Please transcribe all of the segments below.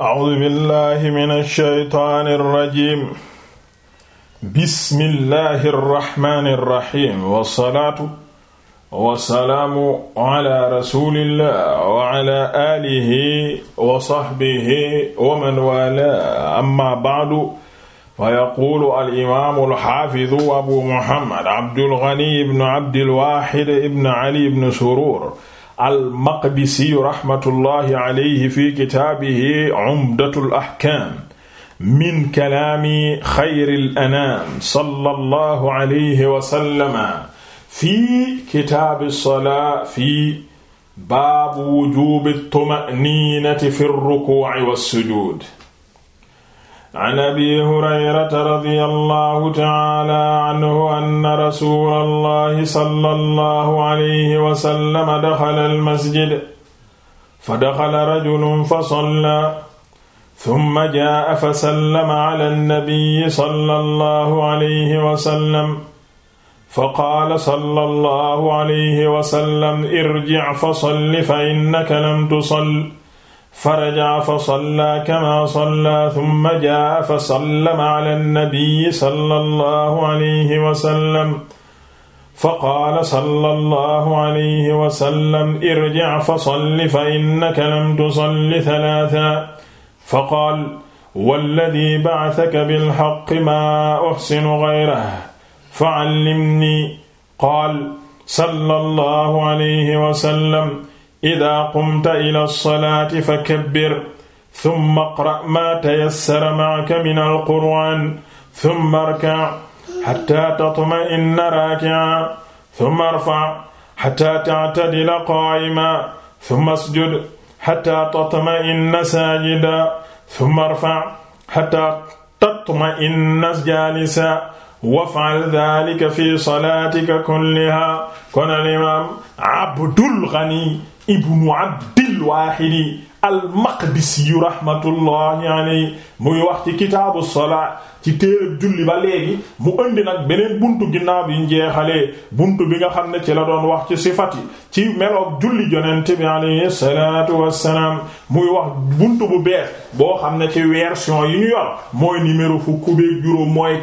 A'uuzu billaahi mina shaytaani rajiim. Bismillaahi rahmaani rahiim. Wasalaatu wasalaamu ala rasuulillaah wa ala aalihi wa sahbihi wa man waalaahu. Amma ba'du, fa yaquulu al-imaamu al-haafidu Abuu Muhammad Abdul Ghani ibn Abdil Waahid ibn Ali ibn Suruur al-Maqdisiyu rahmatullahi alayhi fi kitaabihi Umdatul Ahkaam min kalaami xayril anaam sallallahu alayhi wa sallama fi kitaabi salaa fi baabu wujuubi tuma'niinati fi rukuu'i was sujuud an abi hurayrata radia allahu taala anhu anna rasula allahi sala allahu alayhi wasallama daxala almasjid fa daxala rajulun fa salla summa jaa fa sallama ala annabiyi sala allahu alayhi wasallam fa qaala sala allahu alayhi wasallam irjic fa salli fa innaka lam tusalli faraja fa salla kama salla thumma jaa fa sallama ala nabiyi sallallahu alayhi wa sallam fa qaala sallallahu alayhi wa sallam irji' fa salli fa innaka lam tusalli thalatha fa qaala walladhi ba'athaka bilhaqqi maa uhsinu ghayrahu fa'allimnii qaala sallallahu alayhi wa sallam ida qumta ila lsalaati fakabbir thumma qra ma tayassara ma'aka min alqur'an thumma arka' hatta tatma'inna raaki'a thumma irfa' hatta ta'tadila qaa'ima thumma isjud hatta tatma'inna saajida thumma irfa' hatta tatma'inna jaalisa wafal dhalika fi salaatika kulliha kon al imaam Abdul Ghani ibnu Abdil Waahidi al-Maqdisi rahmatullahi alayhi muy wax ci kitaabu salaa ci téereb julli ba léegi mu indi nag beneen buntu ginnaaw bi njeexalee buntu bi nga xam ne ci la doon wax ci sifat ci meloog julli yonent bi alayhi salaatu wassalaam muy wax buntu bu bees boo xam ne ci version yi ñu yor mooy numéro fukk beeg juróom mooy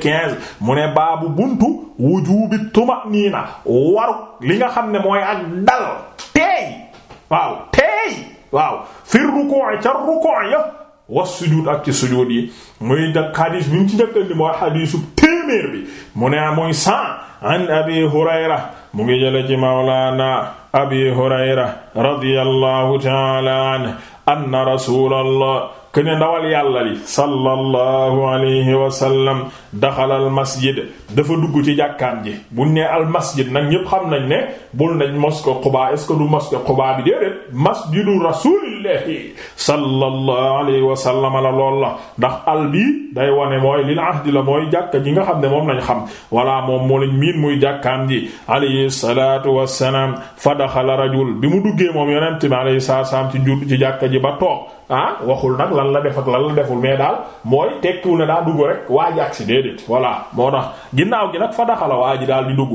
mu ne baabu buntu wujuubi tuma'niina waru li nga xam ne mooy ak dal teey waaw teey waaw fir ruku' ca ruku' ya was sujud ak ci sujud yi muy nag xadis bi ñu ci njëkk andi mooy xadisu téeméer bi mu ne mooy cent an abi hurayra mu ngi jële ci mawlaana abi hurayra radiyallahu ta'ala anhu anna rasulallah ke ne ndawal yàlla li sallallahu alayhi wa sallam daxala al masjid dafa dugg ci jàkkaan ji buñ ne al masjid nag ñépp xam nañ ne bul nañ mosquée Quba est-ce que du mosquée Quba bi déedéet masjidu rasulillahi sallallahu alayhi wa sallam la lool la ndax al bi day wane mooy lil ahdi la mooy jàkka ji nga xam ne moom lañ xam walla moom moo lañ miin muy jàkkaan ji alayhi salatu wassalaam fa daxala rajul bi mu duggee moom yonent bi alayhi salaam ci jur ci jàkka ji ba toog ah waxul nag lan la def ak lan la deful mais daal mooy tekkiwul ne daa dugg rek waa ji agsi déedéet voilà moo tax ginnaaw gi nag fa daxala waa ji daal di dugg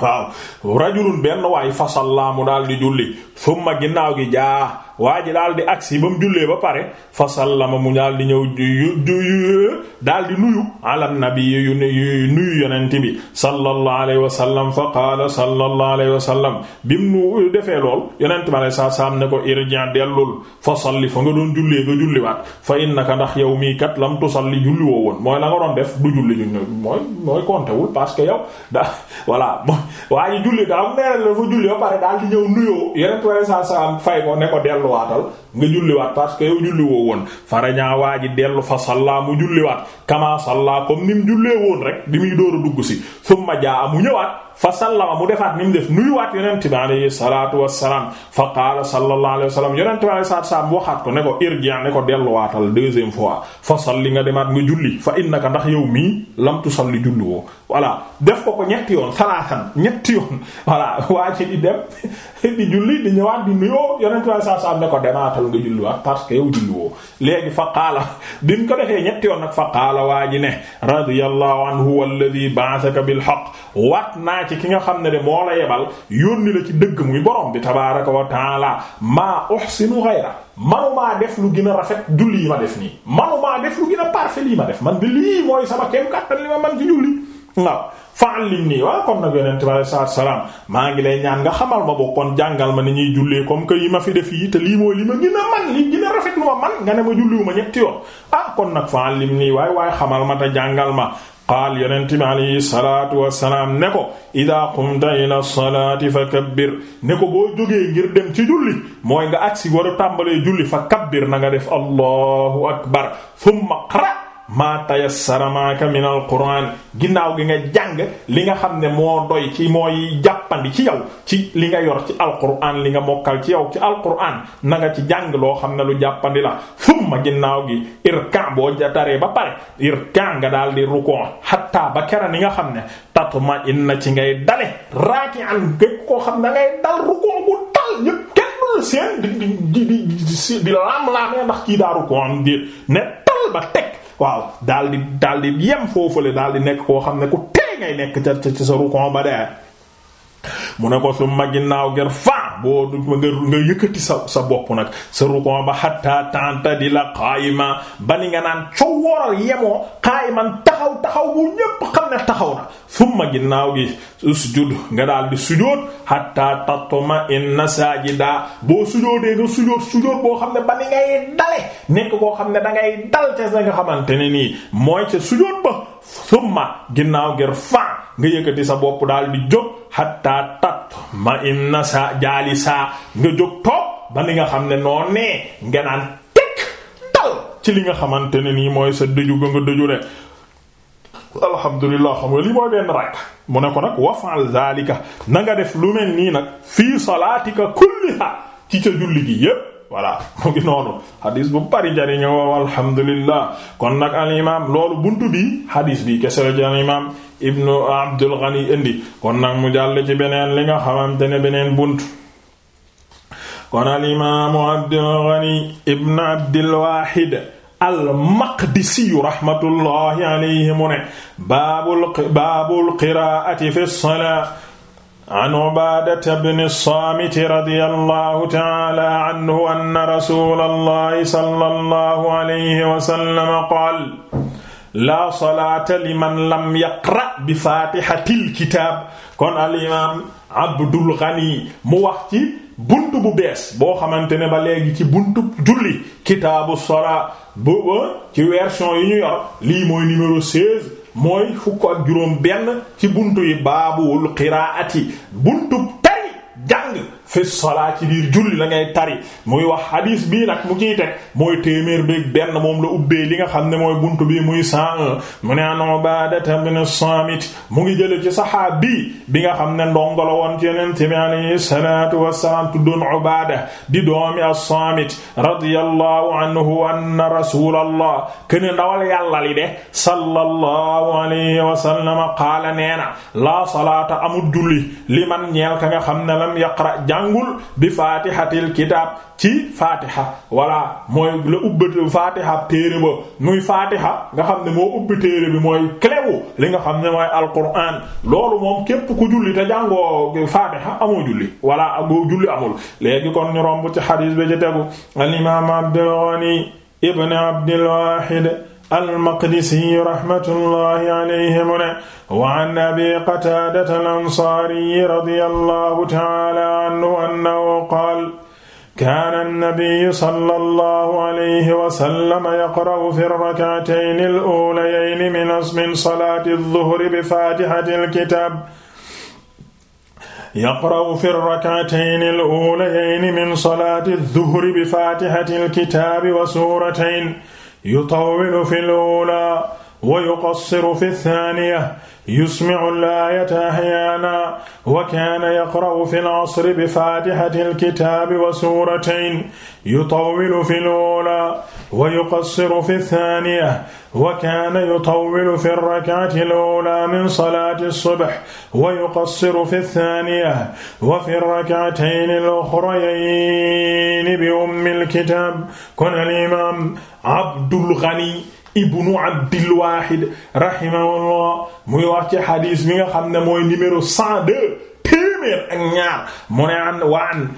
waaw rajulun benn waay fasallaamu daal di julli summa ginnaaw gi jaa waa ji daal di agsi ba mu jullee ba pare fa sallama mu daal di ñëw daal di nuyu ala nabi yu nuyu yonent bi sallallahu alayhi wa sallam fa qaala sallallahu alayhi wa bi mu defee lool yonent bi alayhi salaam ne ko irji' dellul fa salli fa nga doon jullee nga julliwaat fa innaka ndax yow mii kat lam tusalli julli woo woon mooy la nga doon def du julli ju mooy mooy kontewul parce que yow da voilà waaye julli daal nee na dafa julli ba pare daal di ñëw nuyoo yonent bi alayhi salaam fay ko ne ko delloo delluwaatal nga julliwaat parce que yow julli woo woon farañaa waa ji dellu fa salla mu julliwaat kama salla comme ni mu jullee woon rek di muy door a dugg si summa jaa mu ñëwaat fa sallama mu defaat ni mu def nuyuwaat yonent bi alayhi salaatu wassalaam fa qaala sallallahu alayhi wasallam yonent bi alayhi salaatu wassalaam waxaat ko ne ko irji' ne ko delluwaatal deuxième fois fa salli nga demaat nga julli fa innaka ndax yow mii lam tusalli julli woo voilà def ko ko ñetti yoon salaasan ñetti yoon voilà waa ci di dem di julli di ñëwaat di nuyoo yonent bi alayhi salaatu ne ko demaatal nga julliwaat parce que yow julli woo léegi fa qaala biñ ko defee yoon nag waa ji ne radiyallahu anhu walladhi ki nga xam ne de moo la yebal yónni la ci dëgg muy borom bi tabaaraka wa taala maa uhsinu ghayra manumaa def lu gën a rafet julli yi ma def nii manumaa def lu gën a parfait lii ma def lii li ma man ci julli waaw fa'allim nii waaw kon nag yonent bi alayhi salaatu salaam maa ngi lay ñaan nga xamal kon jàngal ma ni ñuy jullee comme que yi ma fi def yi te lii mooy li ma gën a man li gën a rafet lu ma man nga ne ma julliwu ma ñetti yoon ah kon nag fa'allim nii waay waay xamal ma te jàngal ma qaal yonente bi alayhi salaatu wasalaam ne ko ida qumta ila salaati fa kabbir ne ko boo jógee ngir dem ci julli mooy nga agsi war a tàmbalee julli fa kabbir na nga def allahu akbar thumma qra maa tayassara maaka min alquran ginnaaw gi nga jàng li nga xam ne moo doy ci mooy jàppandi ci yow ci li nga yor ci alquran li nga mokkal ci yow ci alquran na nga ci jàng loo xam ne lu jàppandi la summa ginnaaw gi irkan boo taree ba pare irkan nga daal di rukon ba kera ni nga xam ne tatma inna ci ngay dale raki'an gëj koo xam ne ngay dal rukon bu dal ñu kenn seen di di di di laamee ndax kii daa rukon am diir ne tal ba teg waaw dal di daal di yem foofule daal di nekk koo xam ne ku tee ngay nekk ca ca sa rukon ba de mu ne ko su ma ginnaaw gër fa boo du nga nga yëkkati sa sa bopp nag sa rukon ba hatta tanta di la qaayima bani nga naan coow wooral yemoo qaayiman taxaw taxaw bu ñépp xam ne taxaw na summa ginnaaw gi usjud nga daal di sujoot hatta tatma inna sajida boo sujootee nga sujoot sujoot boo xam ne bani ngay dale nekk koo xam ne da ngay dal ca sa nga xamante ne nii mooy ca sujoot ba summa ginnaaw ngir fa nga yëkkati sa bopp daal di jóg hatta tat ma inna sa jaali saa nga jóg toog ba ni nga xam ne noo nee nga naan teg tal ci li nga xamante ne mooy sa dëju nga nga dëju ne alhamdulilah xam nga lii mooy benn rakk mu ne ko nag wafal zalika lu mel nii nag fii salaatika kulliha kon nag al loolu buntu bi hadis bi kese la al ibnu Abdul Ghani indi kon nag mu jàll ci beneen li nga xamante ne beneen bunt kon al imaamu Abdul Ghani ibnu Abdul Wahid al-Maqdisiyu rahmatullahi alayhi mu ne baabul baabul qiraa'ati fi salaa an Ubaadata bni Saamit radiyallahu ta'aala anhu anna rasuulallahi sallallahu alayhi wa sallam qaala laa salaata man lam yaqra bi faatihatil kitaab kon al Abdul Ghani mu wax ci bunt bu bees boo xamante ne ba léegi ci buntu julli kitaabu salaa booba ci version yi ñu yor lii mooy numéro 16 mooy fukk ak juróom benn ci buntu yi baabul qiraati buntu tari jàng fi salaa ci biir julli la ngay tari muy wax hadis bi nag mu ciy teg mooy téeméer bi moom la ubbee li nga xam ne mooy buntu bi muy cent mu ne an Ubaadata ibn Saamit mu ngi jële ci saxaabi bi bi nga xam ne ndongo la woon ci Yonent bi alayhi salaatu wassalaam tuddoon Ubaada di doomi a saamit radiyallahu anhu anna rasuulallah kene ndawal yàlla li de sallallahu alayhi wa sallam qaala neena la salaata amul julli liman ñeel ka nga xam ne lam yaqra jàngul bi faatihatil kitaab ci faatiha voilà mooy la ubbati faatiha téere ba muy faatiha nga xam ne moo ubbi téere bi mooy cléwu li nga xam ne mooy alquran loolu moom képp ku julli te jàngoo faatiha amoo julli voilà agoo julli amul léegi kon ñu romb ci xadiis bi ci tegu al imaam Abdul Ghani ibn Abdul Wahid al-Maqdisi rahmatullahi alayhi mu ne wa an abi qataadata al-ansaari radiyallahu ta'ala anhu annahu qaala kaana an-nabiyyu sallallahu alayhi wa sallam yaqra'u fi ar-rak'atayni al-uulayayni min salaati adh-dhuhri bi faatihati al-kitaab yaqra'u fi rakatayni al-uulayayni min salaati adh-dhuhri bi faatihati al-kitaabi wa suuratayn yutawwilu fil uulaa wa yuqassiru fi thaaniya yusmi'u al-aayata ahyaana wa kaana yaqra'u fi al-'asri bi faatihati al-kitaabi wa suuratayn yutawwilu fi al-uulaa wa yuqassiru fi ath-thaaniya wa kaana yutawwilu fi ar-rak'ati al-uulaa min salaati as-subh wa yuqassiru fi ath-thaaniya wa fi ar-rak'atayni al-ukhrayayni bi ummi al-kitaab kon al-imaam Abdul Ghani ibnu abdilwahid rahimahullah muy wax ci xadiis bi nga xam ne mooy numéro 102 téeméer ak ñaar mu ne an wa an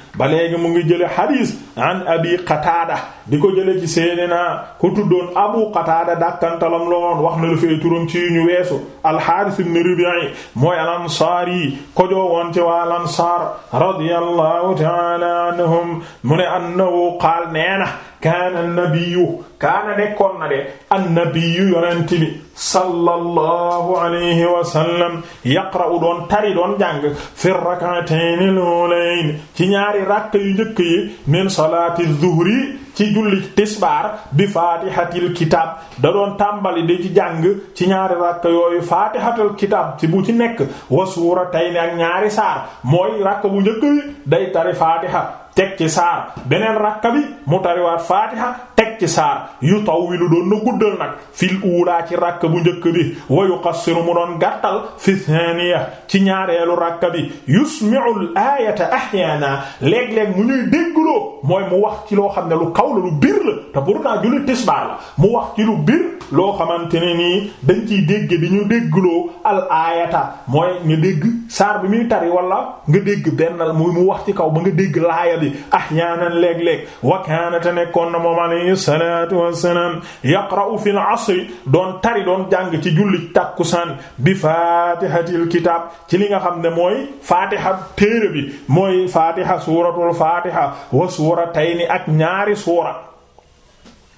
mu ngi jële xadiis an abi qataada di ko jële ci seydina ko tuddoon abu qataada dàkkantalam loon wax na la fee turam ci ñu weesu alxaaris ibn rubi'i mooy al ansaar yi ko joowoon ci waa al ansaar radiyallahu ta'ala anhum mu ne annahu qaal neena kaana nabiyu kaana nekkoon na de annabiyu yonent bi sallallahu alayhi wa sallam yaqra'u doon tari doon jàng fi rak'atayni al-ulayn ci ñaari rakk yu njëkk yi min salaati zuhri ci julli tisbaar bi faatihatil kitaab da doon tàmbali di ci jàng ci ñaari rakk yooyu faatihatil kitaab ci bu ci nekk wa suuratayni ak ñaari saar mooy rakk bu njëkk yi day tari faatiha teg ci saar beneen rakka bi mu tariwaat faatiha teg ci saar yu taw wi lu doon na guddal nag fil uulaa ci rakka bu njëkk bi wa yuqassiru mu doon gàttal fi thaniya ci ñaareelu rakka yu yusmi'ul aayata ahyaana léeg-léeg mu ñuy déggloo mooy mu wax ci loo xam ne lu kaw la lu bir la te pourtant julli tisbaar la mu wax ci lu bir loo xamante ne nii dañ ciy dégg di ñu déggloo al aayata mooy nga dégg saar bi muy tari wala nga dégg benn mu wax ci kaw ba nga dégg laaya ji ahyaanan léeg-léeg wa kaana te nekkoon na moom alayhi salaatu wassalaam yaqra'u fil asri doon tari doon jàng ci julli tàkkusaan bi fatihatil kitab ci li nga xam ne mooy fatiha téere bi mooy fatiha suuratul fatiha wa suuratayni ak ñaari suura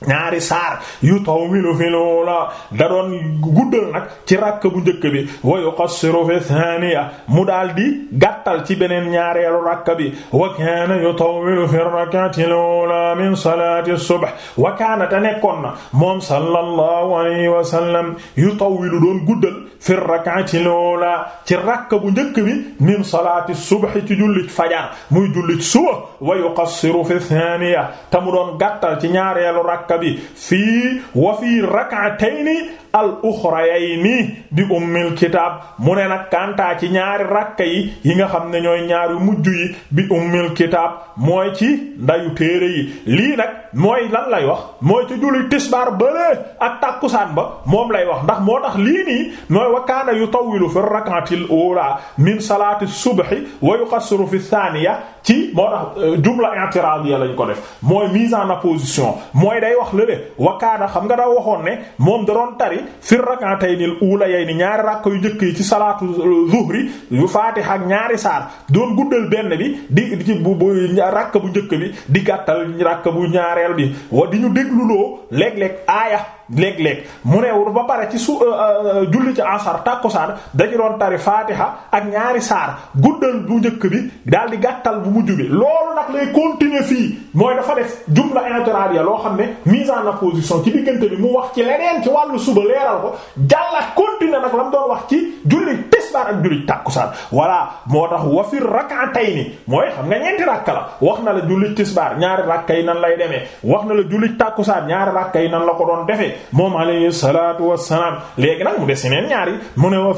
ñaari saar yu taw wilu filoo la da doon guddal nag ci rakk bu njëkk bi wa yuqassiru fi thaniya mu daal di gàttal ci beneen ñaareelu rakk bi wa kaana yu taw wilu fi rak'ati al-ula min salati subh wa na moom sallallahu alayhi wa yu taw wilu doon guddal fi rak'ati al bu njëkk bi min salati subh ci jullit fajar muy jullit suba wa yuqassiru fi thaniya te mu doon gàttal ci ñaareelu rakk bi fii wa fii rak'atayni al ukhrayayni bi ummil kitaab mu ne na kantaa ci ñaari rakka yi yi nga xam ne ñooy ñaari mujj yi bi ummil kitaab mooy ci ndayu téere yi lii nag mooy lan lay wax mooy ci julli tisbaar bële ak tàkkusaan ba moom lay wax ndax moo tax lii nii mooy wa kaana yutawwilu fi rak'atil ula min salati subhi wa yuqassiru fi thaniya ci moo tax euh, jumla i'tiradiya lañ ko def mooy mise en opposition mooy day wax lële wakaana xam nga daa waxoon ne moom da doon tari fir rak'atayn al ulayayni ñaari rakk yu njëkk yi ci salaatu euh, zuhri yu faatiha ak ñaari saar doon guddal benn bi di ci bu rakk bu njëkk bi di gàttal rakk bu ñaareel bi wa di ñu dégluloo léeg-léeg aaya léeg-léeg mu ne ba pare ci su euh, julli ci asar tàkkusaan dañu doon tari faatiha ak ñaari saar guddal bu njëkk bi daal di gàttal bu mujj bi loolu nag lay continuer fii mooy dafa def jumla intérariya loo xam ne mise en opposition ci diggante bi mu wax ci leneen ci wàllu suba leeral ko jàlla continuer nag la mu doon wax ci julli tisbaar ak julli tàkkusaan voilà moo tax wa fi rak'atayni mooy xam nga ñeenti rakka la wax na la julli tisbaar ñaari rakka yi nan lay demee wax na la julli tàkkusaan ñaari rakka yi nan la ko doon defee moom alayhi salaatu wassalaam léegi nag mu des yeneen ñaari mu ne wa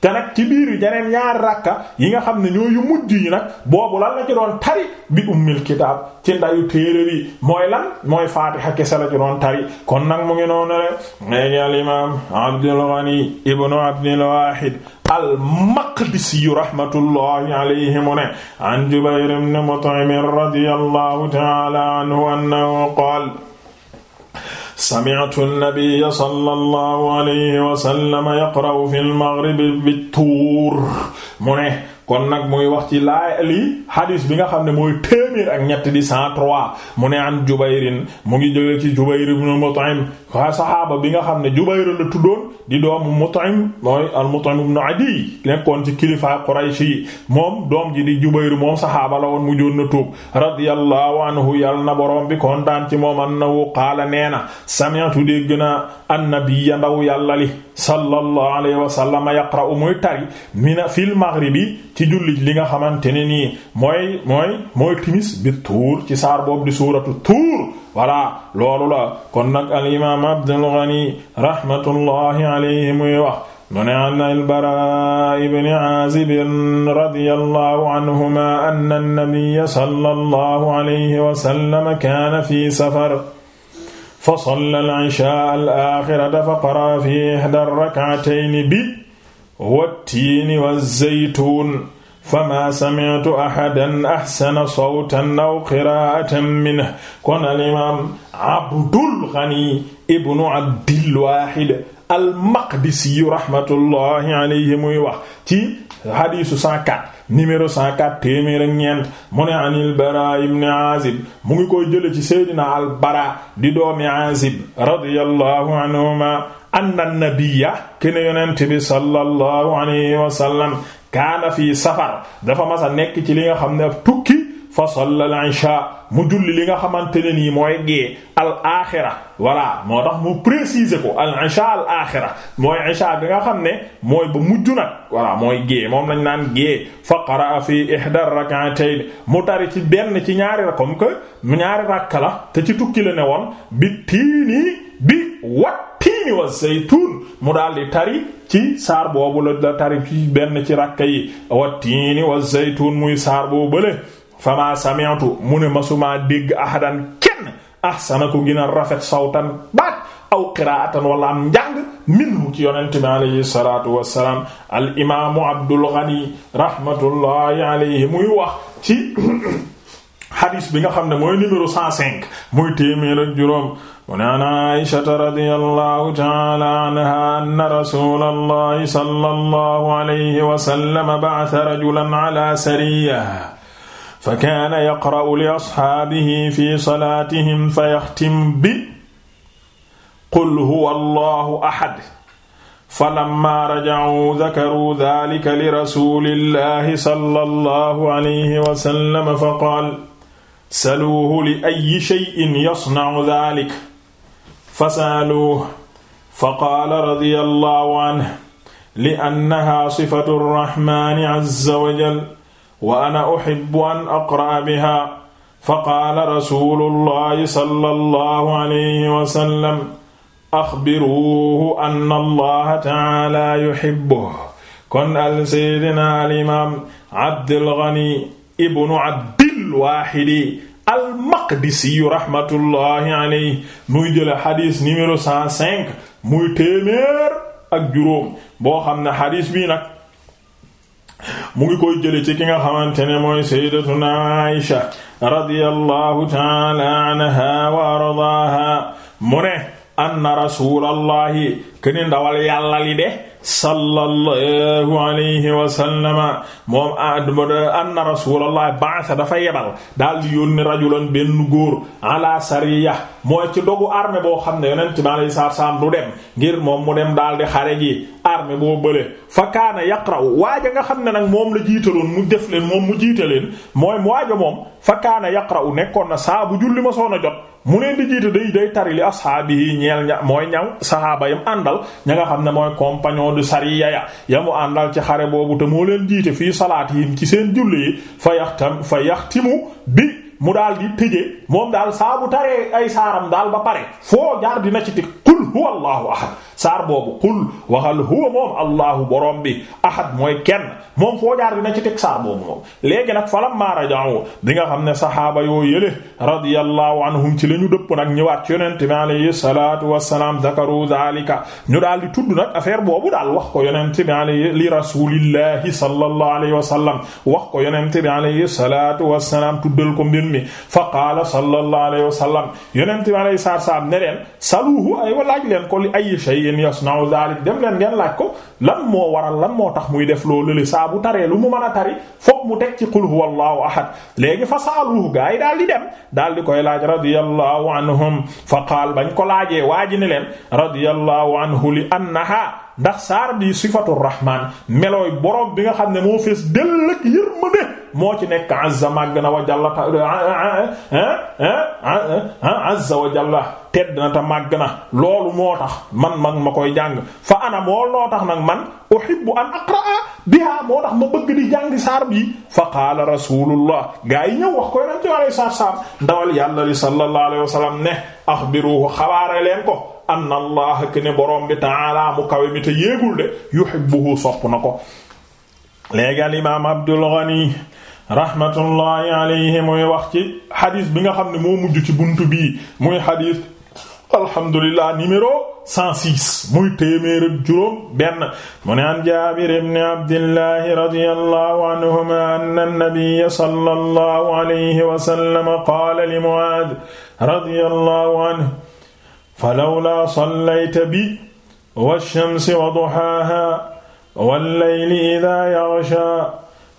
te nag ci biir yeneen ñaari rakka yi nga xam ne ñoo yu mujj yi nag boobu lan la ci doon tari bi ummil kitaab ci ndayu téere bi mooy lan mooy faatiha kese la ci doon tari kon nag mu ngi noonu rek léegi al imaam Abdul Ghani ibnu Abdul Wahid al-Maqdisi rahmatullahi alayhi mu ne an Jubayr ibn Mut'im radiyallahu ta'ala anhu annahu qaala sami'tu an-nabiyya sallallahu alayhi wa sallam yaqra'u fil maghribi bit-tuur mu ne kon nag muy wax ci laay lii hadis bi nga xam ne mooy téeméer ak ñett di cent trois mu ne Jubayrin mu ngi jóge ci Jubayr ibn Mut'im waa bi nga xam ne Jubayr la tuddoon di doomu Mut'im mooy al Mut'im ibn Adi nekkoon ci kilifa Quraysh yi moom doom ji di Jubayr moom saxaaba la woon mu joon na tuub radiyallahu anhu yàlla na borom bi kontaan ci moom annahu qaala nee na sami'tu dégg naa annabiyya ndaw yàlla li sallallahu alayhi wa sallam yaqra'u muy tari mina fil maghribi ci jullit li nga xamante ne nii mooy mooy mooy gis bi tuur ci saar boobu di suuratu tuur voilà loolu la kon nag al imaam Abdul Ghani rahmatullahi alayhi muy wax mu ne an al-Baraa ibn Aazib radiyallahu anhuma anna an-nabiyya sallallahu alayhi wa sallam kaana fi safar fa salla al-ishaa al-aaxirata fa qaraa fi ihdaa ar-rak'atayni bi wat-tiini wa-z-zaytuun fama sami'tu ahadan ahsana sawtan aw qira'atan minhu kon al-imaam Abdul Ghani ibnu Abdil Waahid al-Maqdisi rahmatullahi alayhi muy wax ci hadiisu 104 numéro 104 téeméer ak ñeent mu ne anil bara ibn azib mu ngi koy jële ci seydina al bara di doomi azib radiyallahu anhuma anna nabiyya kene yonent bi sallallahu alayhi wa sallam kaana fi safar dafa mas a nekk ci li nga xam ne ab tukki fa salla al-isha mu julli li nga xamante ne nii mooy gee al axira voilà moo tax mu préciser ko al isha al axira mooy isha bi nga xam ne mooy ba mujj nag voilà mooy gee moom lañ naan gee fa qaraa fi ihda rak'atayn mu tari ci benn ci ñaari comme la te ci tukki la ne woon bi tiinii bi wat tiini wa mu daal di tari ci saar boobu la tari ci benn ci rakka wa tiini wa zaytuun muy saar boobu bële fama sami'tu mu ne masumaa dégg ahadan kenn ahsana ko gën a sawtan baat aw qiraatan wala am njàng minhu ci yonente bi alayhi salatu wasalaam Abdul Ghani rahmatullahi alayhi muy wax ci xadis bi nga xam ne mooy numéro 105 muy téeméer ak juróom mu ne an aishata radiyallahu ta'ala anha anna rasulallahi sallallahu alayhi wa sallam ba'atha rajulan ala sariya fa kaana yaqra'u li ashaabihi fi salaatihim fa yaxtim bi qul huwa allahu ahad falamma raja'u dhakaruu dhalika li rasulillahi sallallahu alayhi wa sallam faqaala saluuhu li ayyi shay'in yasna'u dhaalika fasaaluuhu fa qaala radiyallahu anhu li annahaa sifatu rraxmaani azza wa jal wa ana uhibbu an aqra'a bihaa fa qaala rasuulullahi sallallahu alayhi wa sallam axbiruuhu anna allaha ta'aalaa yuhibbuhu kon al sayyidina al imaam Abdul Ghani ibnu Abd Waaqidi al-Maqdisi rahmatullahi alayhi muy jële xadis numéro cent cinq muy téeméer ak juróom boo xam ne xadis bii nag mu ngi koy jële ci ki nga xamante ne mooy sayyidatuna Aisha radiyallahu ta'ala anha wa ardaaha mu ne anna rasulallahi kene ndawal yàlla sallallahu alayhi wa sallama moom anna rasulullah ba'atha dafa yebal daal di yónni rajulan benn góor ala sariya mooy ci dogu armée boo xam ne yonent bi alayhi salaam du dem ngir moom mu dem daal di xare ji armée boo bële fa kaana yaqra'u waaja nga xam ne nag moom la jiitaloon mu def leen moom mu jiital jiitaleen mooy waaja moom fa kaana yaqra'u nekkoon na saa bu julli ma soona jot mu leen di jiite day day tari li asxaabi yi ñeel ña mooy ñaw saxaaba yam àndal ña nga xam ne mooy compagnon du sariya ya yamu àndal ci xare boobu te moo leen jiite fii salaat yi ci seen julli yi fa yaxtam fa yaxtimu bi mu daal di tëjee moom daal saa bu taree ay saaram daal ba pare foo jaar na ci teg qul huwa allahu ahad saar boobu qul waxal huwa moom allahu borom bi ahad mooy kenn moom foo jaar na ci teg saar boobu moom léegi nag falam maa raja'u di nga xam ne sahaaba yoo yële radiyallahu anhum ci la ñu dëpp nag ñëwaat ci yonente bi alayhi salatu wasalaam zakaru zalika ñu daal di tudd nag affaire boobu daal wax ko yonente bi alayhi li rasulillahi sallallahu alayhi wa sallam wax ko yonente bi alayhi salatu wasalaam tuddal ko ummi fa qaala sallallahu alayhi wa sallam yonent bi alayhi salaatu salaam ne leen saluhu ay wa laaj ko li ay shay'in yasna'u dhalik dem leen ngeen laaj ko lan moo waral lan moo tax muy def loolu li saa bu taree lu mu mën a tari fokk mu teg ci qul huwallahu ahad léegi fa saaluhu gaa yi daal di dem daal di koy laaj radiyallahu anhum fa qaal bañ ko laajee waaji ne leen radiyallahu anhu li annaha ndax saar bi sifatu rahmaan melooy borom bi nga xam ne moo fees dell ak moo ci nekk azza màgg na wa jalla ta eh, eh, eh, azza wa jalla tedd na ta màgg na loolu moo tax man man ma koy jàng fa ana moo loo tax nag man uhibbu an aqraa biha moo tax ma bëgg di jàng saar bi fa qaala rasulullah gaa yi ñëw wax koy nan ci wàlay saar saar ndawal yàlla li sallallahu alayhi wa sallam ne axbiruhu xabaare leen ko anna allah ke ne borom bi ta'ala mu kawe mi te yéegul de yuhibbuhu sopp na ko léegi al imaam Abdul Ghani rahmatullahi alayhi muy wax ci xadis bi nga xam ne moo mujj ci buntu bii muy xadis alhamdulillah numéro 106 muy téeméer ak juróom benn mu ne an Jaabir ibn Abdillah radiyallahu anhuma anna an-nabiyya sallallahu alayhi wa sallam qaala li Muaad radiyallahu anhu falawlaa sallayta bi wash-shamsi wa duhaahaa wal-layli idhaa yaghshaa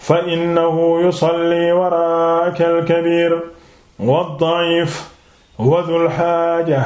fa innahu yusalli waraaka alkabir waddaif wa dul xaaja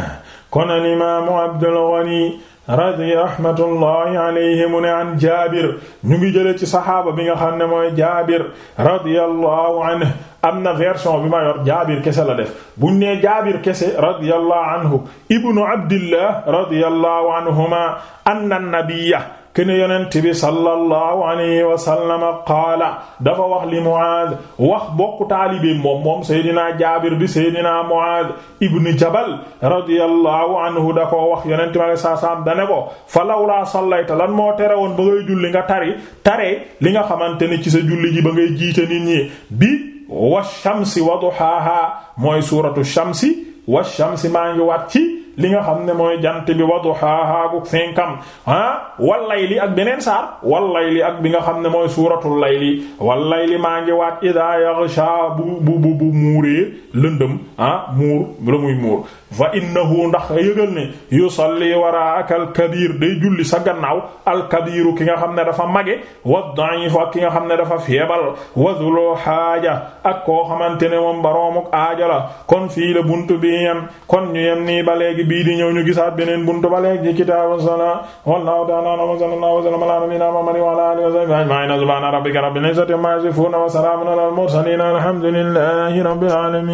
kon alimaamu abdulgani radi rahmatullahi alayhi mu ne an jaabir ñu ngi jëlee ci saxaaba bi nga xam ne mooy jaabir radiyallahu anhu am na version bi ma yor jaabir kese la def buñ nee jaabir kese radiyallahu anhu ibnu abdillah radiyallahu anhuma anna nabiyya kene yonent bi sallallahu alayhi wa sallam qaala dafa wax li Muaaz wax bokku taalibeem moom moom Seydina Jaabir bi Seydina Muaaz ibn Jabal radiyallahu anhu da ko wax yonent bi alayhi salaam da ne ko fa lawlaa sallayta lan moo tere woon ba ngay julli nga tari tare li nga xamante ne ci sa julli ji ba ngay jiite nit ñi bi wa shamsi wa duhaaha mooy suuratu shamsi wa shamsi maa ngi ci li nga xam ne mooy jant bi waduhaahaa gu finkam ah wal layli ak beneen saar wallay layli ak bi nga xam ne mooy suuratu layli wal li maa ngi waat idaa yaghsha bu bu bu bu muuree lëndëm ah muur la muy muur fa innahu ndax yëgal ne yusalli waraaka alkabir day julli sa gannaaw alkabiru ki nga xam ne dafa mage wa da'if ak ki nga xam ne dafa feebal wa dhul xaaja ak ko xamante ne moom baroomuk aaja kon fii la buntu bi yem kon ñu yem nii ba bii di ñu gisaat beneen buntu ba léegi ci kitaabu salaa wallahu ta'ala wa a wa sallama ala nabiyyina muhammadin wa ala alihi wa sahbihi ajma'in subhana rabbika rabbil izzati amma yasifun wa salamun alal mursalin alhamdulillahi rabbil alamin